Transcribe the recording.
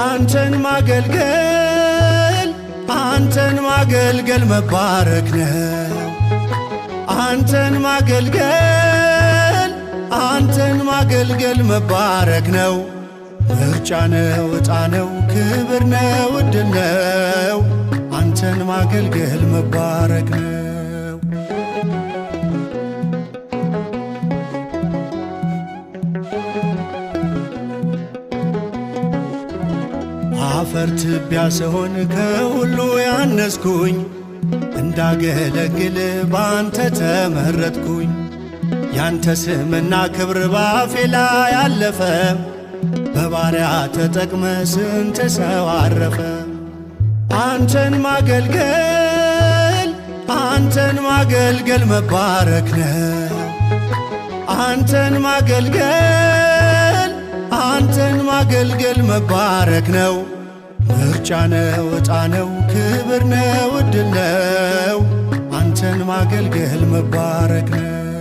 አንተን ማገልገል አንተን ማገልገል መባረክ ነው። አንተን ማገልገል አንተን ማገልገል መባረክ ነው። ምርጫ ነው፣ ዕጣ ነው፣ ክብር ነው፣ ዕድል ነው። አንተን ማገልገል መባረክ ነው። አፈር ትቢያ ስሆን ከሁሉ ያነስኩኝ እንዳገለግል ባንተ ተመረጥኩኝ። ያንተ ስምና ክብር ባፌ ላይ አለፈ። በባሪያ ተጠቅመ ስንት ሰው አረፈ። አንተን ማገልገል አንተን ማገልገል መባረክ ነው። አንተን ማገልገል አንተን ማገልገል መባረክ ነው። ምርጫ ነው ዕጣ ነው ክብር ነው ዕድል ነው አንተን ማገልገል መባረክ ነው።